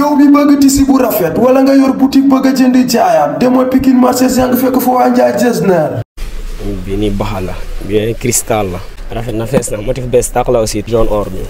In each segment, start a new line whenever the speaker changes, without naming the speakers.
yow bi bëgg tissu bu rafet wala nga yor boutique bëgg jënd jënd jaayaat demoo pikin marché Zinc fekk fo waa Ndiaye Jesner.
bii nii baxa la cristal la. rafet na fess na motif bes tak la aussi. jaune or bi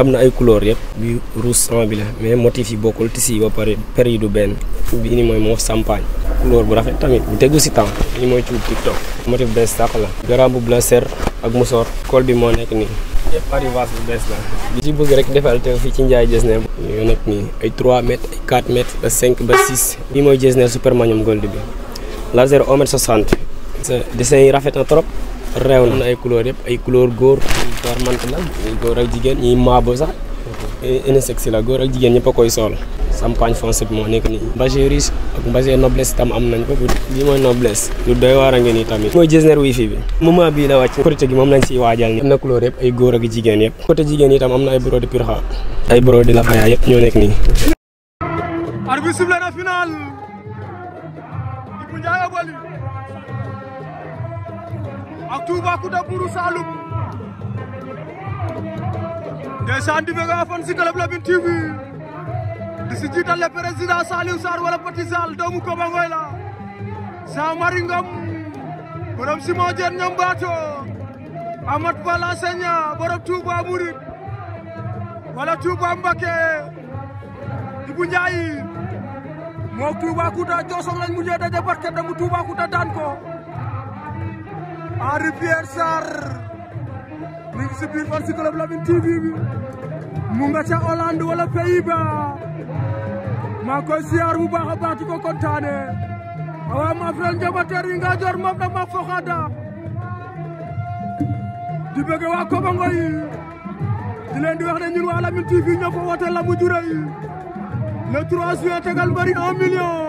amna ay couleur yëpp. bi rouge sang bi la mais motif yi bokul tissu yi ba paré période du benn bi ni moy mo champagne. couleur bu rafet tamit bu tegu ci temps. ni moy ci tiktok. motif bes tak la. garam bu blaser ak musor col bi mo nek ni arrivage bu bees li ci bëgg rek defal teew fii ci Ndiaye Getzner. yooyu nag nii ay 3 mètres ay 4 mètres ba 5 ba 6. bii mooy Getzner super magnum gold bi laser 1 mètre 60. dessin yi rafet na trop. reew na ay couleur yëpp ay couleur góor. góor la ñuy góor jigéen ñuy maabo sax. unisexe eh, la góor ak jigen ñepp koy sol champagne foncé mo nek ni nii ak mbagé noblesse tam am nañ ko li moy noblesse du doy waar a ni tamit moy jezner wifi bi moment bi la wacc côté gi mom lañ ci wajal ni amna couleur yëpp ay góor ak jigen yëpp côté jigen yi tam amna na ay brode purha ay brode la faya yëpp ñoo nek ni
arbitre sifflé na final Ibou Ndiaye ak tuba ak da buru salum ndeysaan di bëgg fan si club Lamyn TV di si jiital le président Saliou Sarr wala Petit doomu Koba la Jean borom Simon Dieng ñoom Baato Amat Ba l'enseignant borom Touba Mouride wala Touba Mbacké Ibou Ndiaye moog Toubacouta Diossong lañ mujjee daje barke dem Toubacouta daan ko Henri Pierre Sarr mi ngi si biir Fans Club Lamyn TV bi mu nga ca Hollande wala Pays-Bas maa koy siyaar bu baax a baax di ko kontaane awa ma frel njabateer yi nga jor moom nag ma foxaada di waa Kobango yi di di wax ne ñun waa Lamyn TV ñoo fa la mu jure yi le 3 juin tegal Marine 1 million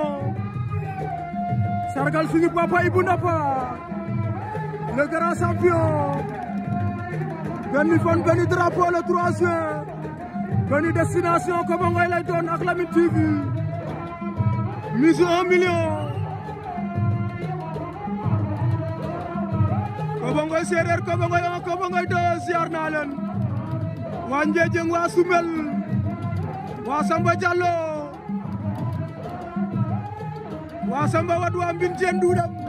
sargal suñu papa Ibou Ndapa le grand champion benn fan benn drapeau le 3 juin benn destination Kobangoy lay doon ak Lamyn TV mise un million comme Kobangoy comme Kobangoy un Kobangoy deux ziar naa leen waa Ndiédiène waa Soumel wa Samba Diallo wa Samba Wade waa Mbine Diène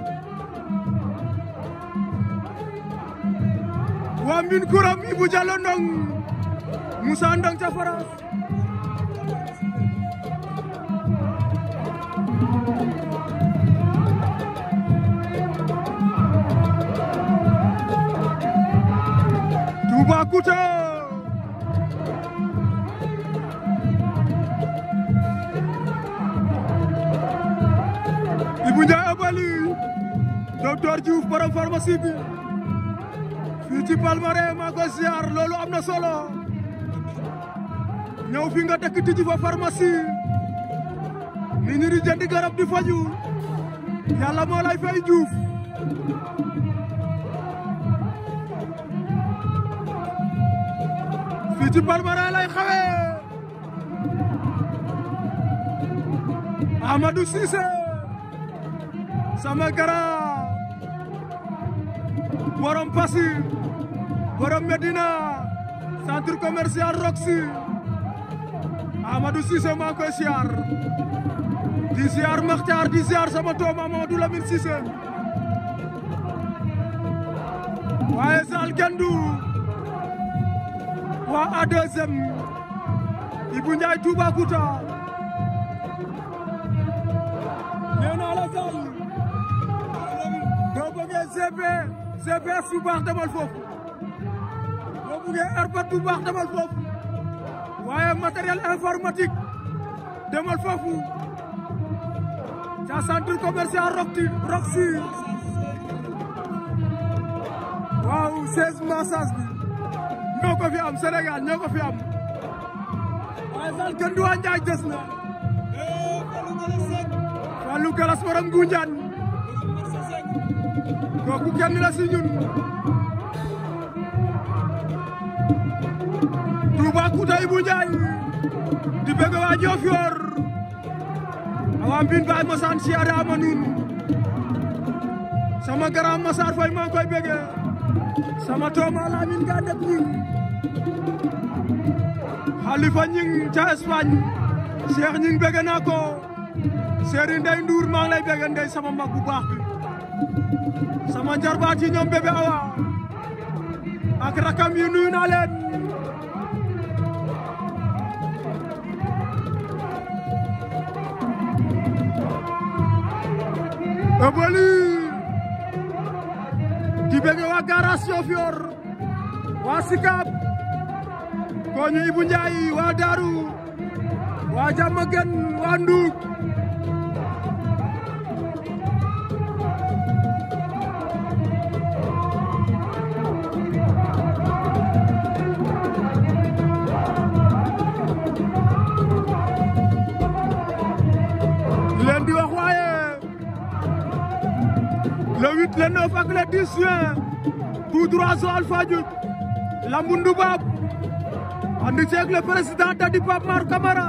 waa Mbine Kouram Ibou Diallo Ndong Moussa Ndong ca Faras Toubacouta Ibou Abali docteur Diouf borom pharmacie bi fii ci Palmarin maa loolu am na solo ñëw fi nga dëkk tijji fa pharmacie nit ñi di jënd garab di faju yàlla moo lay fay juuf fii ci Palmarin lay xawee Amadou Cissé sama gara borom pasi borom Medina Santur Komersial Roxy Amadou Cissé Mako Siar, siyaar Mekhtar, siyaar sama doom Amadou Lamine Cissé waaye Zal Gendu Wa a Ibu Nyai Ibou Kuta, Nena nee naa Zebe, Zebe Subar bëggee mu ngi airport bu baax demal foofu waaye matériel informatique demal foofu ca centre commercial Roxy Roxy waaw 16 massage bi ñoo ko fi am Sénégal ñoo ko fi am waaye sal kenn du waa Njaay na Fallou Galas waram Ngunjaan kooku kenn la si ñun Toubacouta ibu Ndiaye di bëgg waa Diofior awa mbin baay masaan siyaare ama sama garam masaar fay maa koy bëgge sama tooma laamin ga ini, ñun xalifa ñing ca Espagne Cheikh ñing bëgg naa Serigne Ndour lay bëgg ndey sama mag bu baax sama jarbaat yi ñoom bébé awa ak rakam yi nuyu Obeuli di bëgg waa garage Diofior waa Sicap kooñu Ibou Ndiaye waa Daaru waa Diamaguène waa Ndouk le 8 le 9 ak le 10 juin tout droit Joal lambu Ndoubab ànd le président Dadi Pape Mar Camara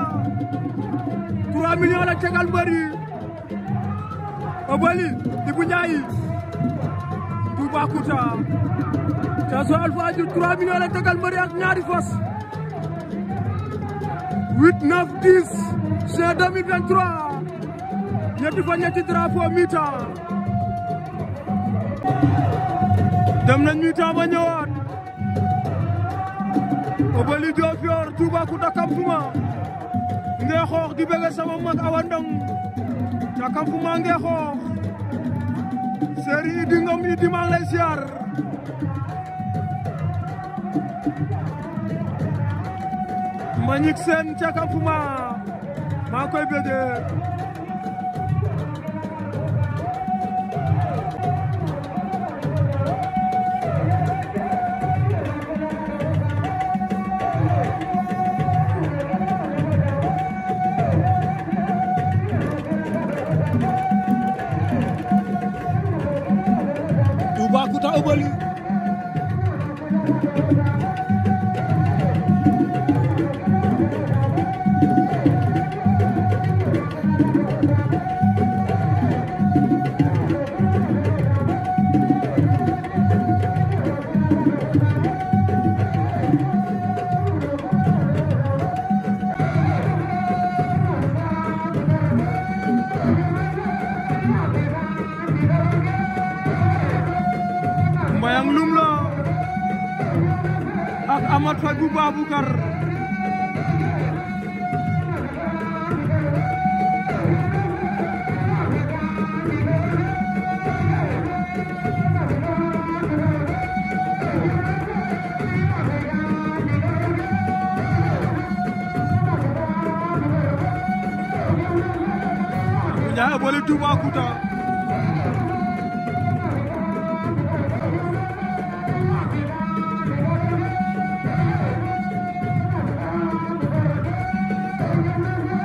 3 millions la tegal mbër yi Obali Ibou Ndiaye Toubacouta ca Joal Fadiouth 3 millions ak ñaari fas 8 9 10 juin 2023 ñetti fa ñetti drapeau mi dem nañ mi temps ba ñëwaat tuba ku takam fuma ngey xoox di bëgg sama mag awandam takam fuma ngey ngee xoox Serigne Idi Ngom Idi maa ngi lay siyaar Mbagnick Sène takam fuma ma koy bëgg Ahmad Faye bu Baboucar Ndiaye Bally Toubacouta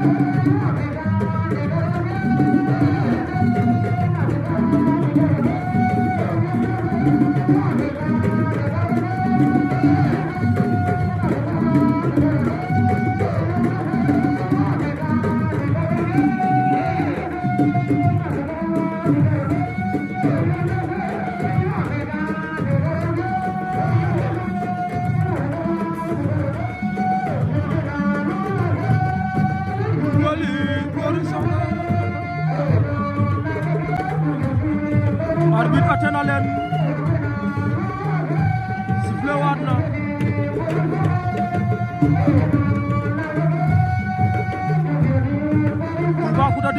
Vem,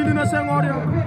Lili Nasengoria.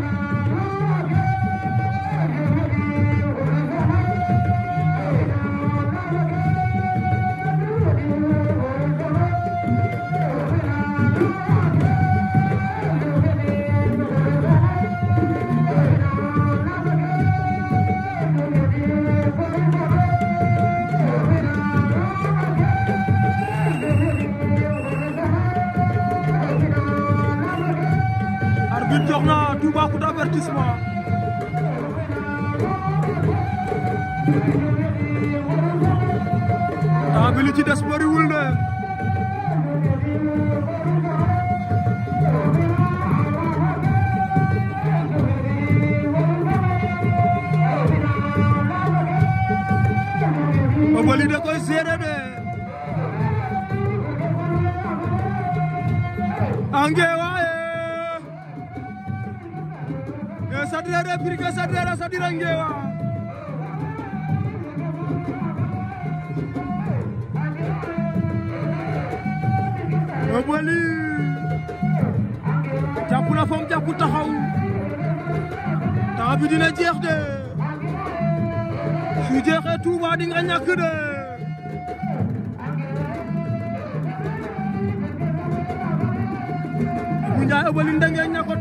temps bi li ci des bariwul de Obali da koy seere de ange waaye e sadira de pirike sadira sadira nge waa Diop Wally na fam jàpp taxaw temps bi jeex de su jeexee Touba di nga ñàkk de bu Ndiaye Obali Ndege ña ko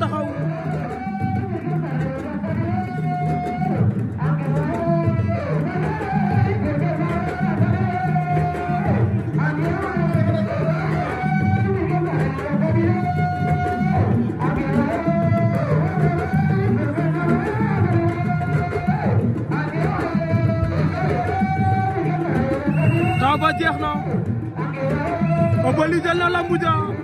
na lambu